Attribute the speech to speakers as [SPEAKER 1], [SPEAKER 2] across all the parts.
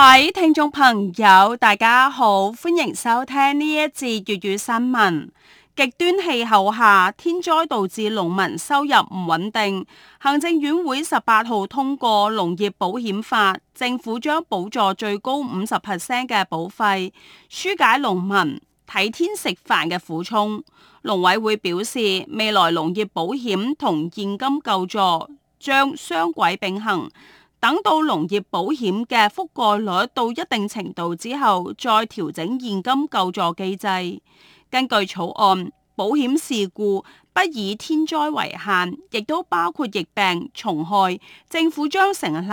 [SPEAKER 1] 各位聽眾朋友，大家好，歡迎收聽呢一節粵語新聞。極端氣候下，天災導致農民收入唔穩定。行政院會十八號通過農業保險法，政府將補助最高五十 percent 嘅保費，紓解農民睇天食飯嘅苦衷。農委會表示，未來農業保險同現金救助將雙軌並行。等到農業保險嘅覆蓋率到一定程度之後，再調整現金救助機制。根據草案，保險事故不以天災為限，亦都包括疫病、蟲害。政府將成立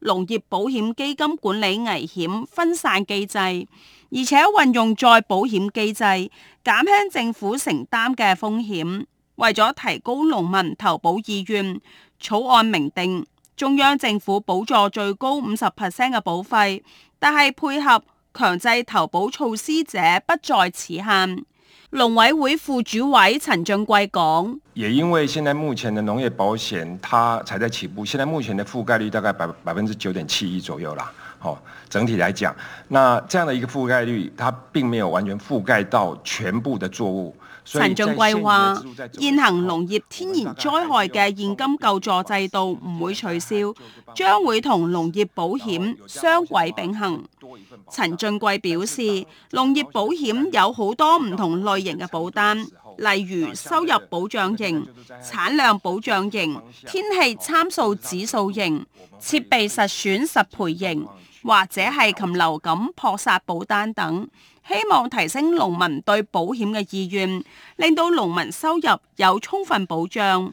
[SPEAKER 1] 農業保險基金，管理危險分散機制，而且運用再保險機制，減輕政府承擔嘅風險。為咗提高農民投保意願，草案明定，中央政府補助最高五十 percent 嘅保費，但係配合強制投保措施者不在此限。農委會副主委陳俊貴講：也因為現在目前的農業保險，它才在起步，現在目前的覆蓋率大概百百分之九點七一左右啦。好、哦，整體來講，那這樣的一個覆蓋率，它並沒有完全覆蓋到全部的作物。陳俊貴話：現行農業天然災害嘅現金救助制度唔會取消，將會同農業保險雙軌並行。陳俊貴表示，農業保險有好多唔同類型嘅保單，例如收入保障型、產量保障型、天氣參數指數型、設備實損實賠型，或者係禽流感破殺保單等。希望提升農民對保險嘅意願，令到農民收入有充分保障。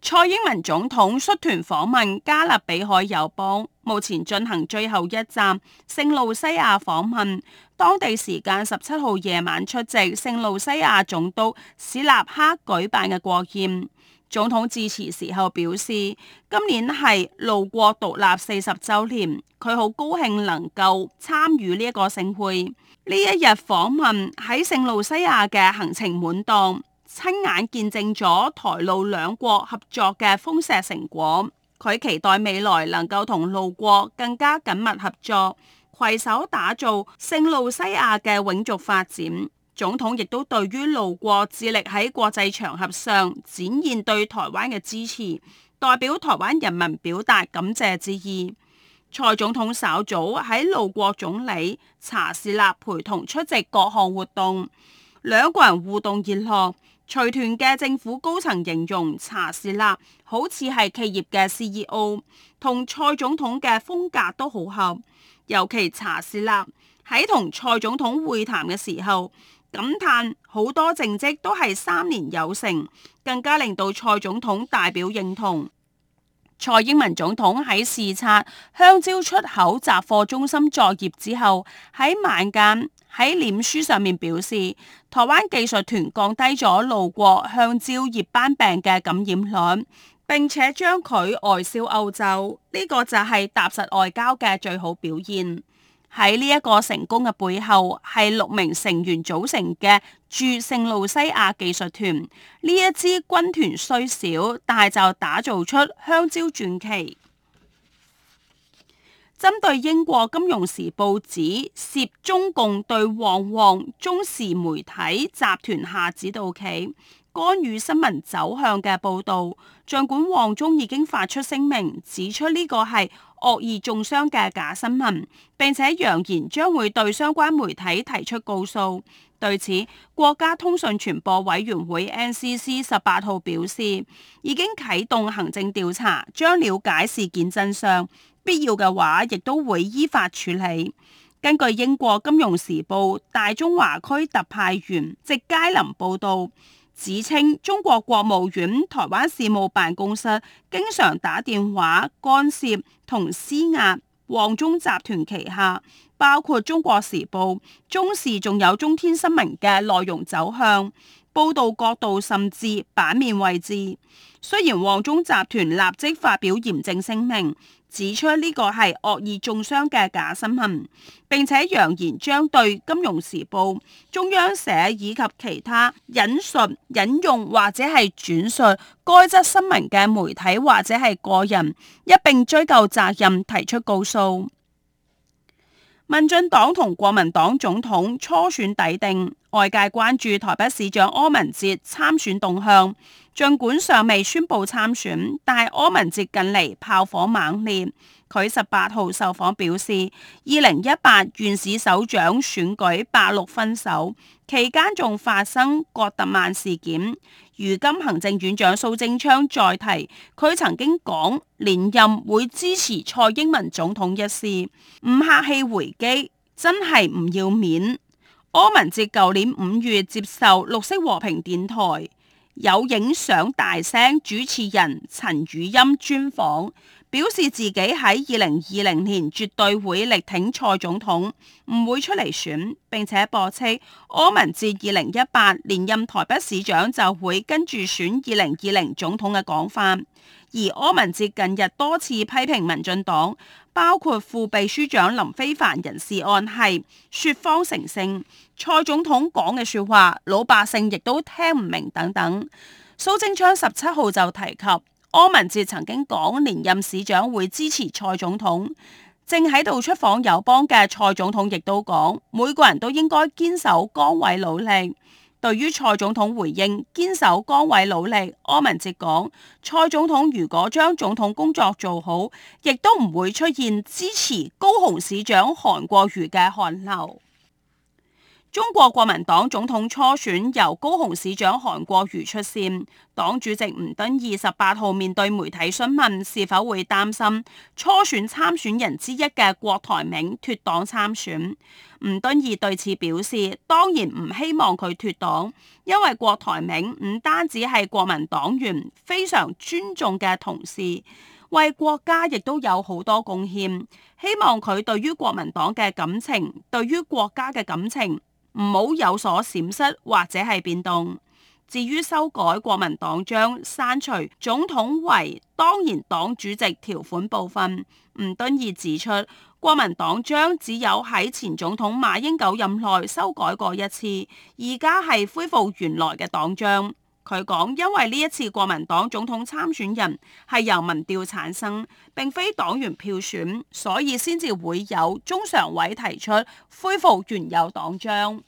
[SPEAKER 1] 蔡英文總統率團訪問加勒比海友邦，目前進行最後一站聖路西亞訪問，當地時間十七號夜晚出席聖路西亞總督查士納舉辦嘅國宴。總統致辭時候表示，今年係露國獨立四十週年，佢好高興能夠參與呢一個盛會。呢一日訪問喺聖露西亞嘅行程滿檔，親眼見證咗台露兩國合作嘅豐碩成果。佢期待未來能夠同露國更加緊密合作，攜手打造聖露西亞嘅永續發展。總統亦都對於露國致力喺國際場合上展現對台灣嘅支持，代表台灣人民表達感謝之意。蔡總統稍早喺露國總理查士納陪同出席各項活動，兩個人互動熱絡。隨團嘅政府高層形容查士納好似係企業嘅 CEO，同蔡總統嘅風格都好合。尤其查士納喺同蔡總統會談嘅時候，感嘆好多政績都係三年有成，更加令到蔡總統大表認同。蔡英文總統喺視察香蕉出口集貨中心作業之後，喺晚間喺臉書上面表示，台灣技術團降低咗露國香蕉葉斑病嘅感染率，並且將佢外銷歐洲，呢、這個就係踏實外交嘅最好表現。喺呢一個成功嘅背後，係六名成員組成嘅駐聖路西亞技術團。呢一支軍團雖小，但係就打造出香蕉傳奇。針對英國《金融時報》指涉中共對旺旺中時媒體集團下指導棋、干預新聞走向嘅報道，盡管旺中已經發出聲明，指出呢個係惡意中傷嘅假新聞，並且揚言將會對相關媒體提出告訴。對此，國家通訊傳播委員會 NCC 十八號表示，已經啟動行政調查，將了解事件真相。必要嘅話，亦都會依法處理。根據英國《金融時報》大中華區特派員席佳林報道，指稱中國國務院台灣事務辦公室經常打電話干涉同施壓，旺中集團旗下包括《中國時報》、中視仲有中天新聞嘅內容走向、報道角度，甚至版面位置。雖然旺中集團立即發表嚴正聲明。指出，呢個係惡意中傷嘅假新聞，並且揚言將對《金融時報》、中央社以及其他引述、引用或者係轉述該則新聞嘅媒體或者係個人一併追究責任，提出告訴。民進黨同國民黨總統初選抵定，外界關注台北市長柯文哲參選動向。儘管尚未宣布參選，但柯文哲近嚟炮火猛烈。佢十八號受訪表示，二零一八縣市首長選舉八六分手期間，仲發生葛特曼事件。如今行政院長蘇貞昌再提，佢曾經講連任會支持蔡英文總統一事，唔客氣回擊，真係唔要面。柯文哲舊年五月接受綠色和平電台，有影相大聲主持人陳宇欣專訪，表示自己喺二零二零年絕對會力挺蔡總統，唔會出嚟選，並且駁斥柯文哲二零一八年任台北市長就會跟住選二零二零總統嘅講法。而柯文哲近日多次批評民進黨，包括副秘書長林飛帆人事案係説謊成性，蔡總統講嘅説話老百姓亦都聽唔明等等。蘇貞昌十七號就提及柯文哲曾經講連任市長會支持蔡總統，正喺度出訪友邦嘅蔡總統亦都講每個人都應該堅守崗位努力。對於蔡總統回應堅守崗位努力，柯文哲講，蔡總統如果將總統工作做好，亦都唔會出現支持高雄市長韓國瑜嘅韓流。中國國民黨總統初選由高雄市長韓國瑜出線，黨主席吳敦義十八號面對媒體詢問是否會擔心初選參選人之一嘅郭台銘脫黨參選。吳敦義對此表示：當然唔希望佢脫黨，因為郭台銘唔單止係國民黨員，非常尊重嘅同事，為國家亦都有好多貢獻。希望佢對於國民黨嘅感情，對於國家嘅感情。唔好有所閃失或者係變動。至於修改國民黨章，刪除總統為當然黨主席條款部分，吳敦義指出，國民黨章只有喺前總統馬英九任內修改過一次，而家係恢復原來嘅黨章。佢講，因為呢一次國民黨總統參選人係由民調產生，並非黨員票選，所以先至會有中常委提出恢復原有黨章。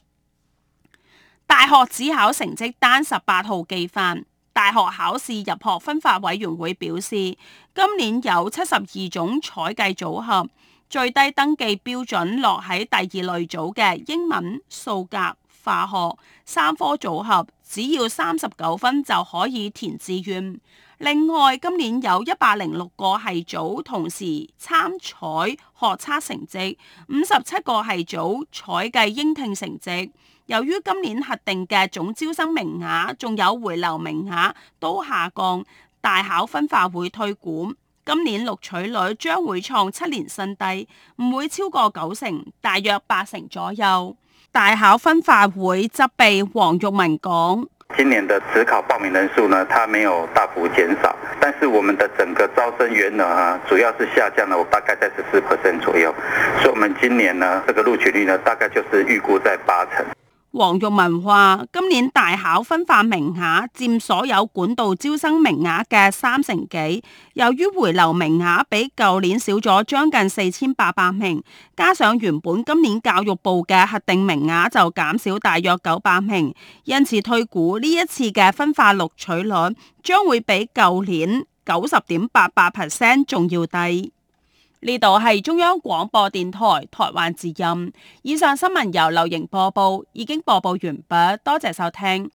[SPEAKER 1] 大學指考成績單十八號寄返。大學考試入學分發委員會表示，今年有七十二種採計組合，最低登記標準落喺第二類組嘅英文數甲。數化學三科組合只要三十九分就可以填志願。另外，今年有一百零六個係組同時參採學測成績，五十七個係組採計英聽成績。由於今年核定嘅總招生名額仲有回流名額都下降，大考分發會推估，今年錄取率將會創七年新低，唔會超過九成，大約八成左右。大考分發會執秘黃玉文講：今年的指考報名人數呢，它沒有大幅減少，但是我們的整個招生員額，啊，主要是下降了，我大概在十四 percent 左右，所以我們今年呢，這個錄取率呢，大概就是預估在八成。黃玉文話：今年大考分發名額占所有管道招生名額嘅三成幾，由於回流名額比舊年少咗將近四千八百名，加上原本今年教育部嘅核定名額就減少大約九百名，因此推估呢一次嘅分發錄取率將會比舊年九十點八八 percent 仲要低。呢度係中央廣播電台台灣之音。以上新聞由劉瑩播報，已經播報完畢。多謝收聽。